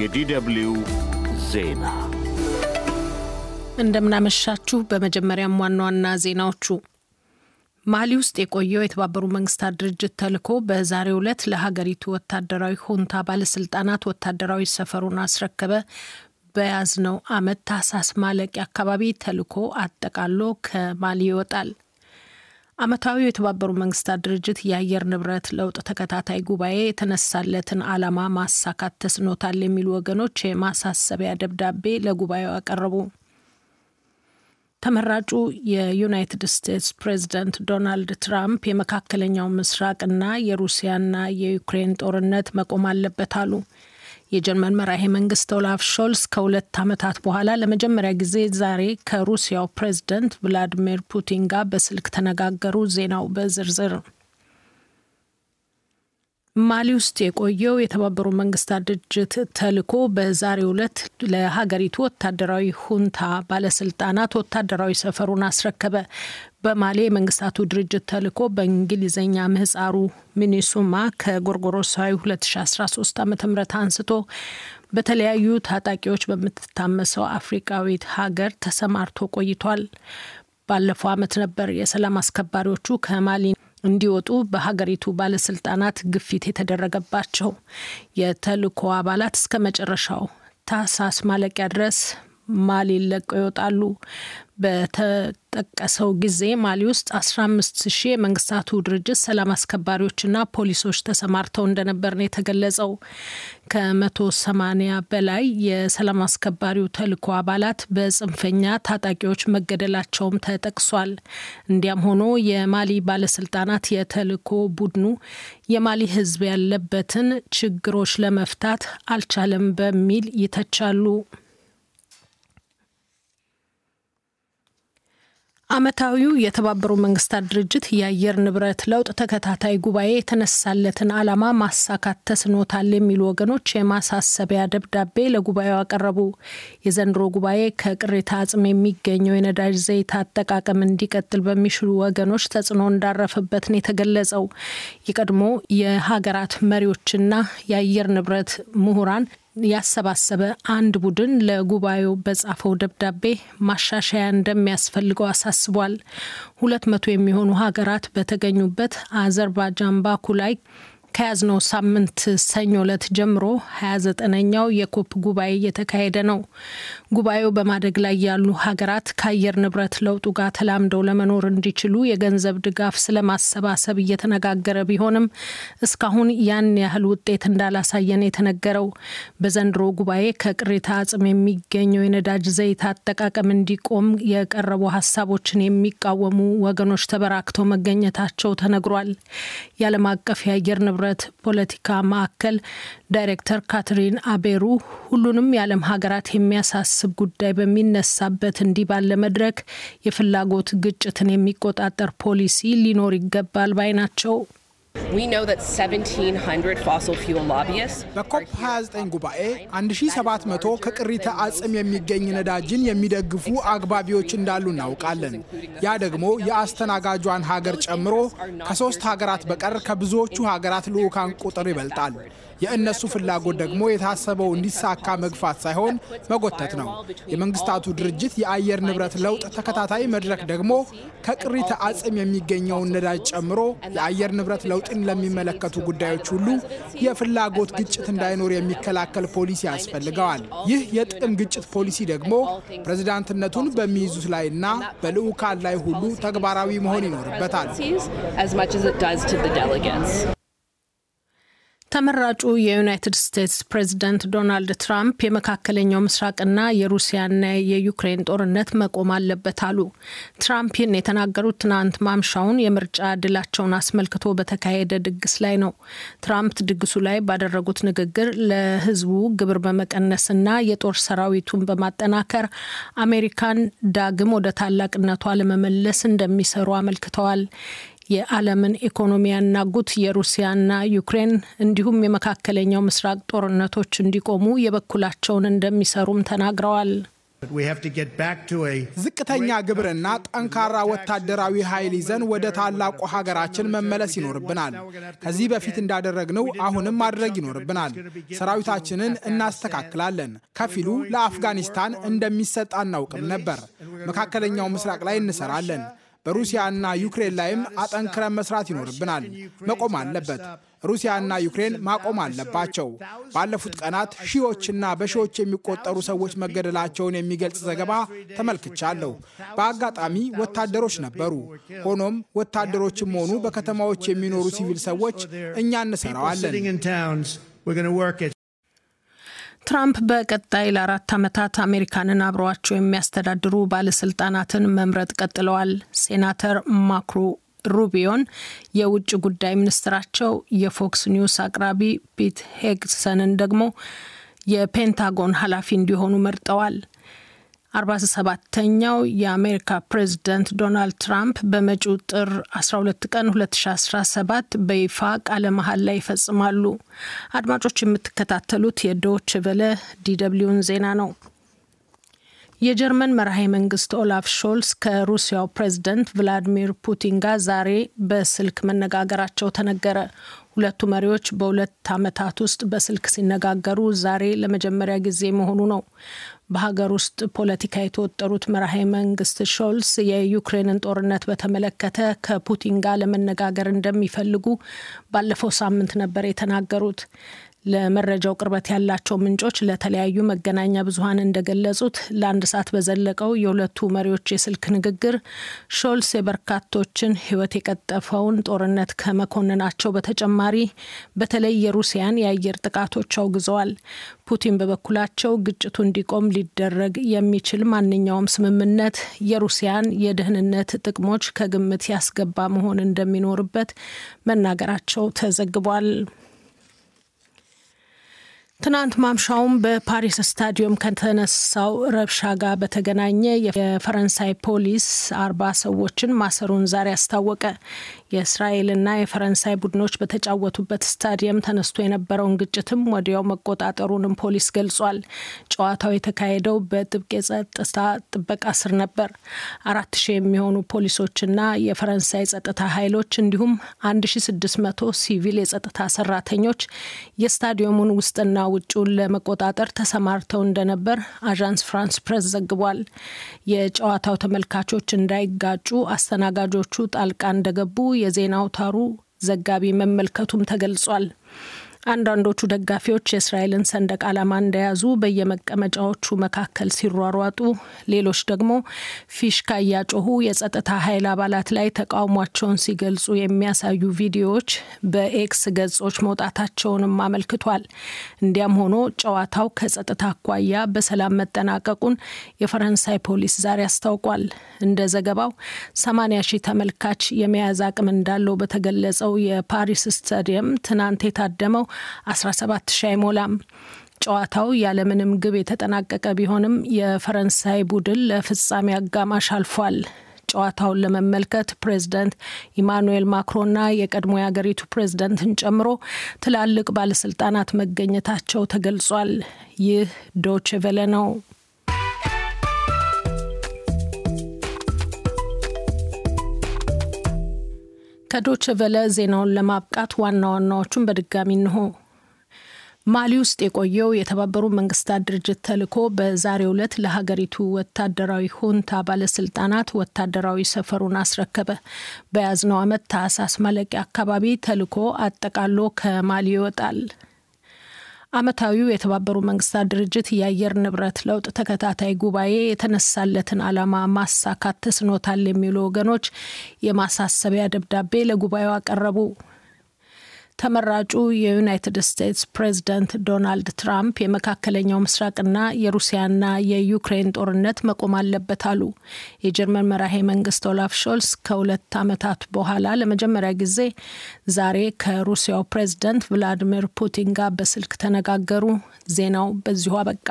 የዲደብሊው ዜና እንደምናመሻችሁ። በመጀመሪያም ዋና ዋና ዜናዎቹ ማሊ ውስጥ የቆየው የተባበሩ መንግስታት ድርጅት ተልዕኮ በዛሬው ዕለት ለሀገሪቱ ወታደራዊ ሁንታ ባለስልጣናት ወታደራዊ ሰፈሩን አስረከበ። በያዝነው ዓመት ታህሳስ ማለቂያ አካባቢ ተልዕኮ አጠቃሎ ከማሊ ይወጣል። ዓመታዊ የተባበሩ መንግስታት ድርጅት የአየር ንብረት ለውጥ ተከታታይ ጉባኤ የተነሳለትን ዓላማ ማሳካት ተስኖታል የሚሉ ወገኖች የማሳሰቢያ ደብዳቤ ለጉባኤው አቀረቡ። ተመራጩ የዩናይትድ ስቴትስ ፕሬዚደንት ዶናልድ ትራምፕ የመካከለኛው ምስራቅና የሩሲያና የዩክሬን ጦርነት መቆም አለበት አሉ። የጀርመን መራሄ መንግስት ኦላፍ ሾልስ ከሁለት ዓመታት በኋላ ለመጀመሪያ ጊዜ ዛሬ ከሩሲያው ፕሬዝደንት ቭላዲሚር ፑቲን ጋር በስልክ ተነጋገሩ። ዜናው በዝርዝር ማሊ ውስጥ የቆየው የተባበሩ መንግስታት ድርጅት ተልዕኮ በዛሬ ዕለት ለሀገሪቱ ወታደራዊ ሁንታ ባለስልጣናት ወታደራዊ ሰፈሩን አስረከበ። በማሌ የመንግስታቱ ድርጅት ተልዕኮ በእንግሊዝኛ ምህፃሩ ሚኒሱማ ከጎርጎሮሳዊ 2013 ዓ ም አንስቶ በተለያዩ ታጣቂዎች በምትታመሰው አፍሪቃዊት ሀገር ተሰማርቶ ቆይቷል። ባለፈው ዓመት ነበር የሰላም አስከባሪዎቹ ከማሊ እንዲወጡ በሀገሪቱ ባለስልጣናት ግፊት የተደረገባቸው የተልኮ አባላት እስከ መጨረሻው ታህሳስ ማለቂያ ድረስ ማሊ ለቀው ይወጣሉ። በተጠቀሰው ጊዜ ማሊ ውስጥ 15 ሺህ የመንግስታቱ ድርጅት ሰላም አስከባሪዎችና ፖሊሶች ተሰማርተው እንደነበር ነው የተገለጸው። ሰማኒያ በላይ የሰላም አስከባሪው ተልኮ አባላት በጽንፈኛ ታጣቂዎች መገደላቸውም ተጠቅሷል። እንዲያም ሆኖ የማሊ ባለስልጣናት የተልኮ ቡድኑ የማሊ ሕዝብ ያለበትን ችግሮች ለመፍታት አልቻለም በሚል ይተቻሉ። ዓመታዊው የተባበሩ መንግስታት ድርጅት የአየር ንብረት ለውጥ ተከታታይ ጉባኤ የተነሳለትን ዓላማ ማሳካት ተስኖታል የሚሉ ወገኖች የማሳሰቢያ ደብዳቤ ለጉባኤው አቀረቡ። የዘንድሮ ጉባኤ ከቅሪተ አጽም የሚገኘው የነዳጅ ዘይት አጠቃቀም እንዲቀጥል በሚችሉ ወገኖች ተጽዕኖ እንዳረፈበት ነው የተገለጸው። የቀድሞ የሀገራት መሪዎችና የአየር ንብረት ምሁራን ያሰባሰበ አንድ ቡድን ለጉባኤው በጻፈው ደብዳቤ ማሻሻያ እንደሚያስፈልገው አሳስቧል። ሁለት መቶ የሚሆኑ ሀገራት በተገኙበት አዘርባጃን ባኩ ላይ ከያዝነው ሳምንት ሰኞ ዕለት ጀምሮ 29ኛው የኮፕ ጉባኤ እየተካሄደ ነው። ጉባኤው በማደግ ላይ ያሉ ሀገራት ከአየር ንብረት ለውጡ ጋር ተላምደው ለመኖር እንዲችሉ የገንዘብ ድጋፍ ስለማሰባሰብ እየተነጋገረ ቢሆንም እስካሁን ያን ያህል ውጤት እንዳላሳየን የተነገረው በዘንድሮ ጉባኤ ከቅሪተ አጽም የሚገኘው የነዳጅ ዘይት አጠቃቀም እንዲቆም የቀረቡ ሀሳቦችን የሚቃወሙ ወገኖች ተበራክተው መገኘታቸው ተነግሯል። የዓለም አቀፍ የአየር ንብረት ህብረት ፖለቲካ ማዕከል ዳይሬክተር ካትሪን አቤሩ ሁሉንም የዓለም ሀገራት የሚያሳስብ ጉዳይ በሚነሳበት እንዲህ ባለ መድረክ የፍላጎት ግጭትን የሚቆጣጠር ፖሊሲ ሊኖር ይገባል ባይ ናቸው። በኮፕ 29 ጉባኤ 1700 ከቅሪተ አጽም የሚገኝ ነዳጅን የሚደግፉ አግባቢዎች እንዳሉ እናውቃለን። ያ ደግሞ የአስተናጋጇን ሀገር ጨምሮ ከሶስት ሀገራት በቀር ከብዙዎቹ ሀገራት ልዑካን ቁጥር ይበልጣል። የእነሱ ፍላጎት ደግሞ የታሰበው እንዲሳካ መግፋት ሳይሆን መጎተት ነው። የመንግስታቱ ድርጅት የአየር ንብረት ለውጥ ተከታታይ መድረክ ደግሞ ከቅሪተ አጽም የሚገኘውን ነዳጅ ጨምሮ የአየር ንብረት ለውጥን ለሚመለከቱ ጉዳዮች ሁሉ የፍላጎት ግጭት እንዳይኖር የሚከላከል ፖሊሲ ያስፈልገዋል። ይህ የጥቅም ግጭት ፖሊሲ ደግሞ ፕሬዝዳንትነቱን በሚይዙት ላይ እና በልዑካን ላይ ሁሉ ተግባራዊ መሆን ይኖርበታል። ተመራጩ የዩናይትድ ስቴትስ ፕሬዚደንት ዶናልድ ትራምፕ የመካከለኛው ምስራቅና የሩሲያና የዩክሬን ጦርነት መቆም አለበት አሉ። ትራምፕ ይህን የተናገሩት ትናንት ማምሻውን የምርጫ ድላቸውን አስመልክቶ በተካሄደ ድግስ ላይ ነው። ትራምፕ ድግሱ ላይ ባደረጉት ንግግር ለሕዝቡ ግብር በመቀነስና የጦር ሰራዊቱን በማጠናከር አሜሪካን ዳግም ወደ ታላቅነቷ ለመመለስ እንደሚሰሩ አመልክተዋል። የዓለምን ኢኮኖሚ ያናጉት የሩሲያና ዩክሬን እንዲሁም የመካከለኛው ምስራቅ ጦርነቶች እንዲቆሙ የበኩላቸውን እንደሚሰሩም ተናግረዋል። ዝቅተኛ ግብርና ጠንካራ ወታደራዊ ኃይል ይዘን ወደ ታላቁ ሀገራችን መመለስ ይኖርብናል። ከዚህ በፊት እንዳደረግነው አሁንም ማድረግ ይኖርብናል። ሰራዊታችንን እናስተካክላለን። ከፊሉ ለአፍጋኒስታን እንደሚሰጥ አናውቅም ነበር። መካከለኛው ምስራቅ ላይ እንሰራለን። በሩሲያና ዩክሬን ላይም አጠንክረን መስራት ይኖርብናል። መቆም አለበት። ሩሲያና ዩክሬን ማቆም አለባቸው። ባለፉት ቀናት ሺዎችና በሺዎች የሚቆጠሩ ሰዎች መገደላቸውን የሚገልጽ ዘገባ ተመልክቻለሁ። በአጋጣሚ ወታደሮች ነበሩ። ሆኖም ወታደሮችም ሆኑ በከተማዎች የሚኖሩ ሲቪል ሰዎች እኛ እንሰራዋለን። ትራምፕ በቀጣይ ለአራት ዓመታት አሜሪካንን አብረዋቸው የሚያስተዳድሩ ባለስልጣናትን መምረጥ ቀጥለዋል። ሴናተር ማክሮ ሩቢዮን የውጭ ጉዳይ ሚኒስትራቸው፣ የፎክስ ኒውስ አቅራቢ ፒት ሄግሰንን ደግሞ የፔንታጎን ኃላፊ እንዲሆኑ መርጠዋል። 47ተኛው የአሜሪካ ፕሬዚደንት ዶናልድ ትራምፕ በመጪው ጥር 12 ቀን 2017 በይፋ ቃለ መሀል ላይ ይፈጽማሉ። አድማጮች የምትከታተሉት የዶች በለ ዲደብሊውን ዜና ነው። የጀርመን መርሃ መንግስት ኦላፍ ሾልስ ከሩሲያው ፕሬዝደንት ቭላዲሚር ፑቲን ጋር ዛሬ በስልክ መነጋገራቸው ተነገረ። ሁለቱ መሪዎች በሁለት ዓመታት ውስጥ በስልክ ሲነጋገሩ ዛሬ ለመጀመሪያ ጊዜ መሆኑ ነው። በሀገር ውስጥ ፖለቲካ የተወጠሩት መራሄ መንግስት ሾልስ የዩክሬንን ጦርነት በተመለከተ ከፑቲን ጋር ለመነጋገር እንደሚፈልጉ ባለፈው ሳምንት ነበር የተናገሩት። ለመረጃው ቅርበት ያላቸው ምንጮች ለተለያዩ መገናኛ ብዙኃን እንደገለጹት ለአንድ ሰዓት በዘለቀው የሁለቱ መሪዎች የስልክ ንግግር ሾልስ የበርካቶችን ሕይወት የቀጠፈውን ጦርነት ከመኮንናቸው በተጨማሪ በተለይ የሩሲያን የአየር ጥቃቶች አውግዘዋል። ፑቲን በበኩላቸው ግጭቱ እንዲቆም ሊደረግ የሚችል ማንኛውም ስምምነት የሩሲያን የደህንነት ጥቅሞች ከግምት ያስገባ መሆን እንደሚኖርበት መናገራቸው ተዘግቧል። ትናንት ማምሻውም በፓሪስ ስታዲየም ከተነሳው ረብሻ ጋር በተገናኘ የፈረንሳይ ፖሊስ አርባ ሰዎችን ማሰሩን ዛሬ አስታወቀ። የእስራኤልና የፈረንሳይ ቡድኖች በተጫወቱበት ስታዲየም ተነስቶ የነበረውን ግጭትም ወዲያው መቆጣጠሩንም ፖሊስ ገልጿል። ጨዋታው የተካሄደው በጥብቅ የጸጥታ ጥበቃ ስር ነበር። አራት ሺህ የሚሆኑ ፖሊሶችና የፈረንሳይ ጸጥታ ኃይሎች እንዲሁም መቶ ሲቪል የጸጥታ ሰራተኞች የስታዲየሙን ውስጥና ውጭውን ለመቆጣጠር ተሰማርተው እንደነበር አዣንስ ፍራንስ ፕሬስ ዘግቧል። የጨዋታው ተመልካቾች እንዳይጋጩ አስተናጋጆቹ ጣልቃ እንደገቡ የዜና አውታሩ ዘጋቢ መመልከቱም ተገልጿል። አንዳንዶቹ ደጋፊዎች የእስራኤልን ሰንደቅ ዓላማ እንደያዙ በየመቀመጫዎቹ መካከል ሲሯሯጡ፣ ሌሎች ደግሞ ፊሽካ እያጮሁ የጸጥታ ኃይል አባላት ላይ ተቃውሟቸውን ሲገልጹ የሚያሳዩ ቪዲዮዎች በኤክስ ገጾች መውጣታቸውንም አመልክቷል። እንዲያም ሆኖ ጨዋታው ከጸጥታ አኳያ በሰላም መጠናቀቁን የፈረንሳይ ፖሊስ ዛሬ አስታውቋል። እንደ ዘገባው 80 ሺህ ተመልካች የመያዝ አቅም እንዳለው በተገለጸው የፓሪስ ስታዲየም ትናንት የታደመው 17 ሺህ አይሞላም። ጨዋታው ያለምንም ግብ የተጠናቀቀ ቢሆንም የፈረንሳይ ቡድን ለፍጻሜ አጋማሽ አልፏል። ጨዋታውን ለመመልከት ፕሬዝደንት ኢማኑኤል ማክሮንና የቀድሞ የአገሪቱ ፕሬዝደንትን ጨምሮ ትላልቅ ባለስልጣናት መገኘታቸው ተገልጿል። ይህ ዶችቬለ ነው። ከዶች ቨለ ዜናውን ለማብቃት ዋና ዋናዎቹን በድጋሚ እንሆ። ማሊ ውስጥ የቆየው የተባበሩ መንግስታት ድርጅት ተልኮ በዛሬ ዕለት ለሀገሪቱ ወታደራዊ ሁንታ ባለስልጣናት ወታደራዊ ሰፈሩን አስረከበ። በያዝነው ዓመት ታህሳስ መለቂያ አካባቢ ተልኮ አጠቃሎ ከማሊ ይወጣል። ዓመታዊው የተባበሩ መንግስታት ድርጅት የአየር ንብረት ለውጥ ተከታታይ ጉባኤ የተነሳለትን ዓላማ ማሳካት ተስኖታል የሚሉ ወገኖች የማሳሰቢያ ደብዳቤ ለጉባኤው አቀረቡ። ተመራጩ የዩናይትድ ስቴትስ ፕሬዚደንት ዶናልድ ትራምፕ የመካከለኛው ምስራቅና የሩሲያና የዩክሬን ጦርነት መቆም አለበት አሉ። የጀርመን መራሄ መንግስት ኦላፍ ሾልስ ከሁለት ዓመታት በኋላ ለመጀመሪያ ጊዜ ዛሬ ከሩሲያው ፕሬዝዳንት ቭላዲሚር ፑቲን ጋር በስልክ ተነጋገሩ። ዜናው በዚሁ አበቃ።